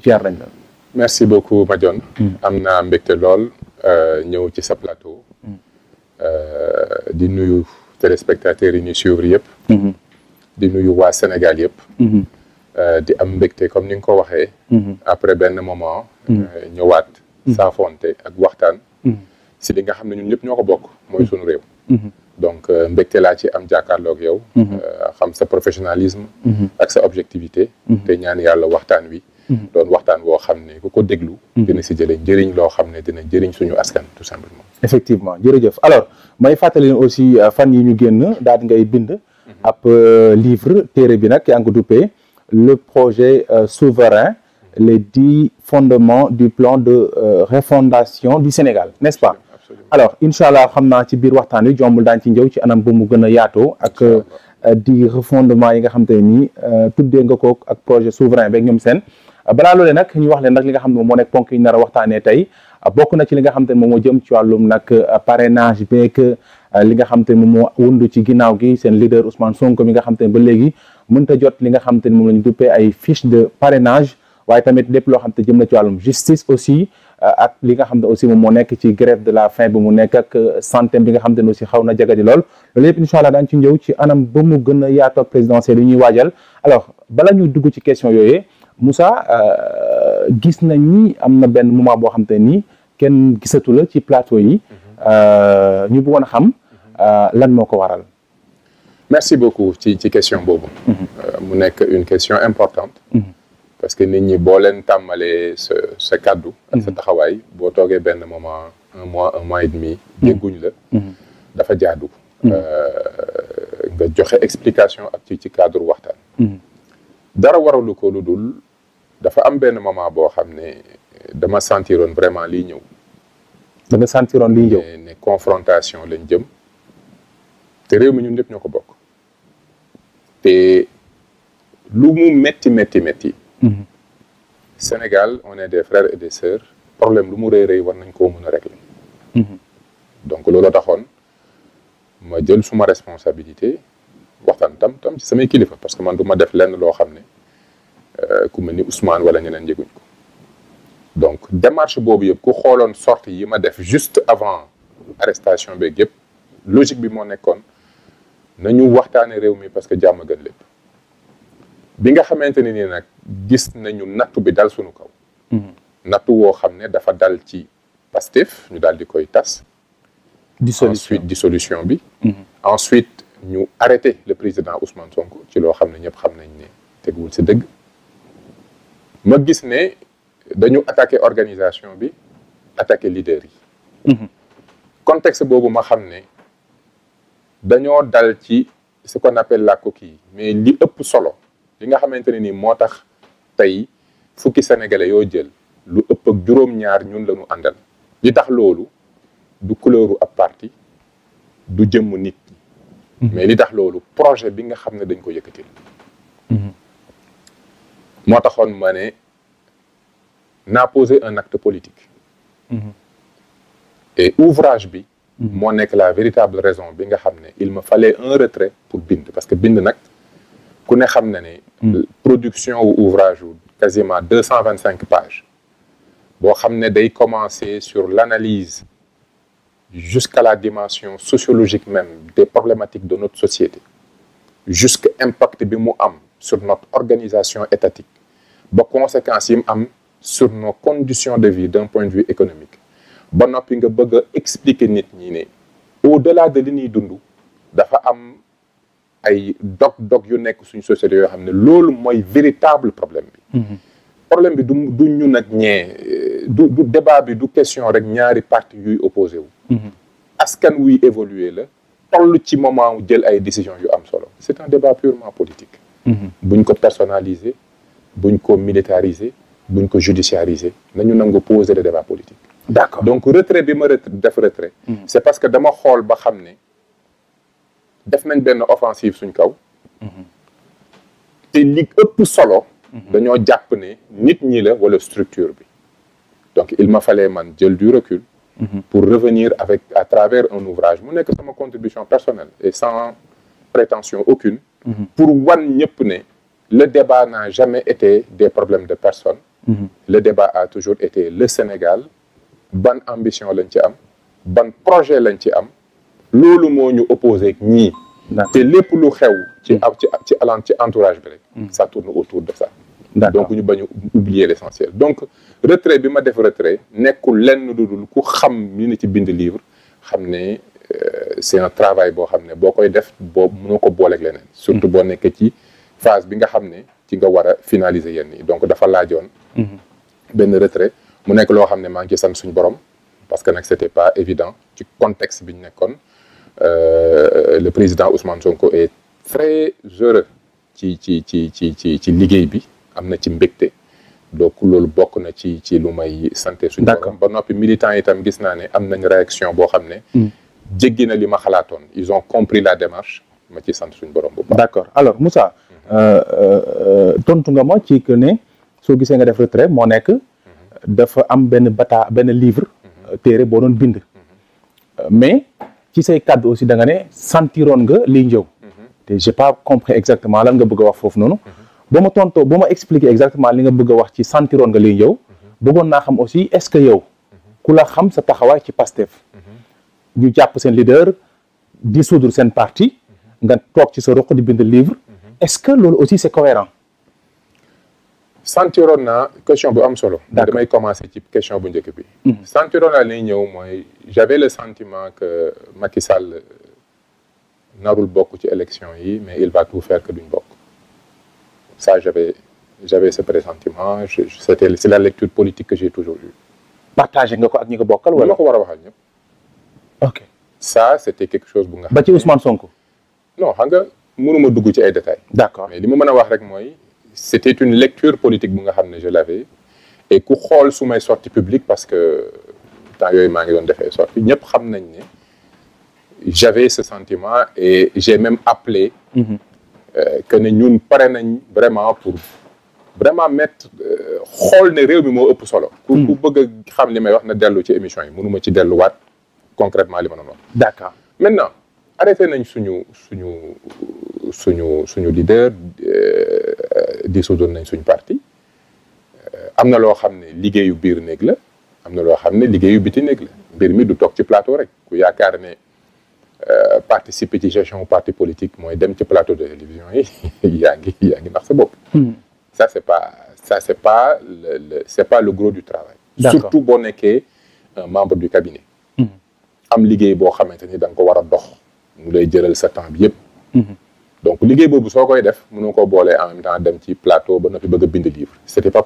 fier nañ merci beaucoup Madione hmm. am na mbégte lool euh, ñëw ci sa plateau. Hmm. Euh, di nuyu téléspectateurs yi ñuy suivre yëpp. Hmm. di nuyu waa Sénégal yëpp. Euh, di am mbégte comme ni nga ko waxee. après benn moment. ñëwaat saafonte ak waxtaan. si li nga xam ne ñun ñëpp ñoo ko bokk mooy sunu réew. donc mbégte laa ci am jàkkaarloog yow. xam sa professionnalisme. ak sa objectivité. te ñaan yàlla waxtaan wi. Mhm. doon waxtaan woo xam ne ku ko déglu mhm. dina si jëlee njëriñ loo xam ne jëriñ suñu askan tout simplement effectivement jërëjëf alors may fàttali leen aussi euh, fan yi ñu génn daal di ngay bind mhm. ab euh, livre téere bi nag yaa ngi ko duppee le projet euh, souverain les dix fondements du plan de euh, refondation du Sénégal n'est-ce pas alors incha allah xam naa ci biir waxtaan wi jombul daan ci njëw ci anam bu mu gën a yaatoo ak euh, di refondement yi nga xam te nii tuddee nga ko ak projet souverain beeg ñoom seen balaa loolee nag ñu wax leen nag li nga xam ne moo nekk ponk yi nar bokk na ci li nga xam moom moo jëm ci wàllum nag euh, parrainage beeg euh, li nga xam ne moom moo wundu ci ginnaaw gi seen leader Ousmane Sonko mi nga xam te ne ba léegi mënta jot li nga xam ne moom la ñu duppee ay fiche de parrainage waaye tamit loo xam te jëm na ci wàllum justice aussi euh, ak li nga xam ne aussi moom moo nekk ci grève de la fin bi mu nekk ak santé bi nga xam te ne aussi xaw na jagadi lool loolu yëpp incha allah ci njëw ci anam ba mu gën a yaatoo présidentielle yi ñuy waajal alors bala ñu dugg ci question yooyu Moussa euh, gis nañ ni am na benn moment boo xam te ni kenn gisatu la ci plateau yi mhm. euh, ñu bëggoon a xam mhm. euh, lan moo ko waral. merci beaucoup ci ci question boobu. Mhm. mu nekk une question importante. parce que nit ñi boo leen tàmmalee sa sa kàddu. ak sa taxawaay boo toogee benn moment un mois mois et demi. dégguñ la. dafa jaadu. nga joxe explication ak ci ci cadre waxtaan. dara waralu ko lu dul dafa am benn moment boo xam ne dama sentiroon vraiment liy ñëw. da nga sentiroon liy ñëw ne confrontation lañ jëm te réew mi ñu nekk ñoo ko bokk te lu mu metti metti metti. Mhm. Sénégal on est des frères et des sœurs problème lu mu rëy rëy war nañ koo mën a rek régler. Mhm. donc loolu taxoon ma jël suma responsabilité waxtaan tam tam ci samay kilifa parce que man du ma def lenn loo xam ne. ku mel ni Ousmane wala ñeneen yëguñ ko donc démarche boobu yëpp ku xooloon sorte yi ma def juste avant arrestation beeg yëpp logique bi moo nekkoon nañu waxtaane réew mi parce que jàmm gën lépp bi nga xamante ni nii nag gis nañu nattu bi dal suñu kaw mhm. nattu woo xam ne dafa dal ci Pastef ñu daal di koy tas di solution bi mhm. ensuite ñu arrêté le président Ousmane Sonko ci loo xam ne ñëpp xam nañ ne teguwul si dëgg ma gis ne dañu attaque organisation bi attaqué leader yi mhm. contexte boobu ma xam ne dañoo dal ci ce qu'on appelle la kii mais li ëpp solo li nga xamante ne nii moo tax tey fukki sénégalais yoo jël lu ëpp ak juróom-ñaar ñun lañu àndal li tax loolu du couleuru ab parti du jëmm nit mhm. mais li tax loolu projet bi nga xam ne dañ ko yëkkatil moo taxoon ma ne naa poser un acte politique mhm. et ouvrage bi mhm. moo nekk la véritable raison bi nga xam ne il me fallait un retrait pour bind parce que bind nag ku ne xam ne ne mhm. production wu ouvrage wu quasiment deux cent vingt cinq pages boo xam ne day commencer sur l'analyse jusqu'à la dimension sociologique même des problématiques de notre société jusque impact bi mu am sur notre organisation étatique ba conséquence yi mu am sur nos conditions de vie d'un point de vue économique ba noppi nga bëgg a expliquer nit ñi ne au-delà de li ñuy dund dafa am ay dog-dog yu nekk suñu société yoo xam ne loolu mooy véritable problème bi mhm. problème bi du du ñu nag ñee du du débat bi du question rek ñaari parti yuy opposé wu mhm. askan wuy évoluer la toll ci moment jël ay décision yu am solo c'est un débat purement politique mhm. buñ ko personnaliser buñ ko militariser buñ ko judiciariser nañu nangu poser le débat politique d'accord donc retrait bi ma def retrait mhm. c'est parce que dama xool ba xam ne def nañ benn offensive suñ kaw mhm. te li ëpp solo dañoo jàpp ne nit ñi la wala structure bi donc il m'a fallu man jël du recul pour revenir avec à travers un ouvrage mu nekk sama contribution personnelle et sans prétention aucune mhm. pour wan ñëpp ne le débat n'a jamais été des problèmes de personne mhm. le débat a toujours été le Sénégal ban ambition lañ ci am ban projet lañ ci am loolu moo ñu opposé ak ñii te lépp lu xew ci mhm. ci ci alan ci entourage bi rek ça tourne autour de ça donc ñu bañu oublier l'essentiel donc retrait bi ma def retrait nekkul lenn lu dul ku xam ñu ne ci bind livre xam ne c'est un travail boo xam ne boo koy def boo mënoo ko booleeg leneen surtout boo nekkee ci phase bi nga xam ne ci nga war a finaliser yenn yi donc dafa laajoon benn retrait mu nekk loo xam ne maa ngi ci sant suñu borom parce que nag c'était pas évident ci contexte bi ñu nekkoon euh, le président Ousmane Sonko est très heureux ci ci ci ci ci ci liggéey bi am na ci mbégte donc loolu bokk na ci ci lu may santé suñ borom ba noppi militants yi itam gis naa ne am nañ réaction boo xam ne mm. jéggi na li ma xalaatoon ils ont compris la démarche ma ci sant suñu borom bu baax. d' accord alors Moussa. Mhm. Euh, euh, tontu nga ma ci que ne soo gisee nga def retrait moo nekk. Mhm. dafa am benn bata benn livre. Mhm. Euh, téere boo doon bind. mais ci say kàddu aussi da nga ne sentiroon nga liy njëw. te j'ai pas compris exactement lan nga bëgg wax foofu noonu. boo ma tontoo boo ma expliquer exactement li nga bëgg wax ci sentiroon nga liy njëw. bëggoon naa xam aussi est-ce que yow. ku la xam sa ñu jàpp seen leader dissoudre seen parti nga toog ci sa ruq di bind livre mhm. est-ce que loolu aussi c'est cohérent santiroon naa question bu am solo may commencé ci question bu njëkk bi mhm. santiroon naa ñëw mooy j'avais le sentiment que Macky Sall narul bokk ci élection yi mais il va tout faire que ñu bokk ça j'avais j'avais ce pressentiment c'était c'est la lecture politique que j'ai toujours eue partagé nga ko ak ñi ko bokkal wala ko war a waxal ñëpp ok ça c' était quelque chose bu nga. ba ci Ousmane Sonko. non xam nga mënuma dugg ci ay détails. d' accord mais li ma mën a wax rek mooy. c' était une lecture politique bu nga xam ne je l' avais et ku xool su may sortie publique parce que temps yooyu maa ngi doon defee sortie ñëpp xam nañ ne j'avais ce sentiment et j'ai même appelé mm -hmm. que ne ñun pare nañ vraiment pour vraiment mettre euh, xool ne réew mi moo ëpp solo ku ku hmm. bëgg a xam li may wax na dellu ci émission yi mënuma ci delluwaat concrètement li ma doon wax. d'accord maintenant arrêté nañ suñu suñu suñu suñu leader euh, dissoudre nañ suñu parti euh, am na loo xam ne liggéeyu biir néeg la am na loo xam ne liggéeyu biti néeg la mbir mi du toog ci plateau rek ku yaakaar ne euh, participer ci gestion parti politique mooy dem ci plateau de télévision yi yaa ngi yaa ngi nax sa bopp. Hmm. ça c'est pas ça c'est pas le, gros du travail. surtout boo nekkee membre du cabinet. am liggéey boo xamante ni da nga ko war a dox mu lay jëral sa temps bi yëpp mhm. donc liggéey boobu soo koy def nga ko boolee en même temps dem ci plateau ba noppi bëgg a bind livre c'était pas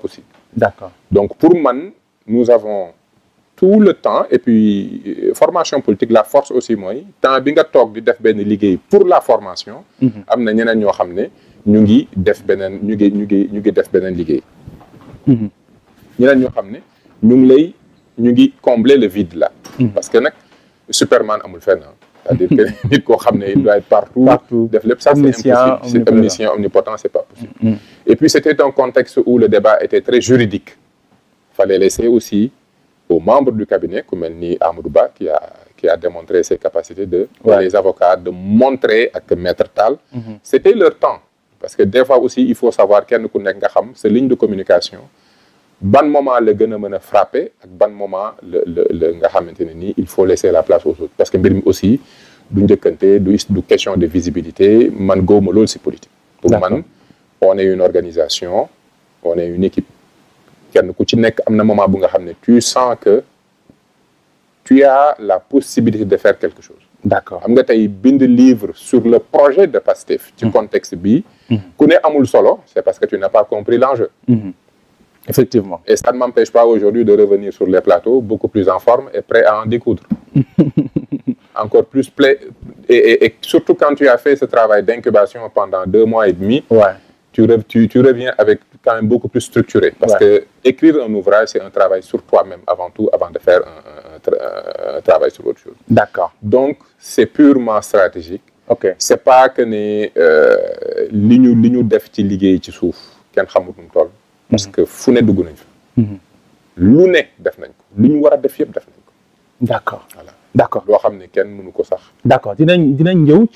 pour man nous avons tout le temps et puis euh, formation politique la force aussi mooy temps bi nga toog di def benn liggéey pour la formation mhm. am na ñeneen ñoo xam ne ñu ngi def beneen ñu ngi ñu ngi ñu ngi def beneen liggéey mhm. ñeneen ñoo xam ne ñu ngi lay ñu ngi combler le vide la parce que nag Superman amul fenn c'est-à-dire que koo xam ne il doit être partout def lépp ça c'est impossible c'est omniscient omnipotent c'est pas possible mm, mm. et puis c'était un contexte où le débat était très juridique fallait laisser aux membres du cabinet ku ni Amadou Ba qui a qui a démontré ses capacités de ouais. les avocats de montrer ak Tall mm -hmm. c'était leur temps parce que des fois aussi il faut savoir kenn ku nekk nga xam sa ligne de communication ban moment la gën a mën a frappé ak ban moment le la la nga xamante ne nii il faut laisser la place aux autres parce que mbir aussi du njëkkante du du question de visibilité man gowma loolu si politique pour man on est une organisation on est une équipe kenn ku ci nekk am na moment bu nga xam ne tu sens que tu as la possibilité de faire quelque chose d'accord xam nga tey bind livre sur le projet de PASTEF ci mmh. contexte bi mmh. ku ne amul solo c'est parce que tu n'as Effectivement. Et ça ne pas aujourd'hui de revenir sur les plateaux beaucoup plus en forme et prêt à en découdre. Encore plus plaît. Et, surtout quand tu as fait ce travail d'incubation pendant deux mois et demi, ouais. tu, tu, tu, reviens avec quand même beaucoup plus structuré. Parce ouais. que écrire un ouvrage, c'est un travail sur toi-même avant tout, avant de faire un, un, tra un travail sur autre chose. D'accord. Donc, c'est purement stratégique. C'est pas que ni, euh, li ñu li ñu def ci liggéey ci suuf kenn xamul nu parce que fu ne dugg nañ fa. Mhm. lu ne def nañ ko lu ñu war a def yëpp def ko. d' accord voilà d' accord loo xam ne kenn mënu ko sax. d' accord dinañ dinañ ñëw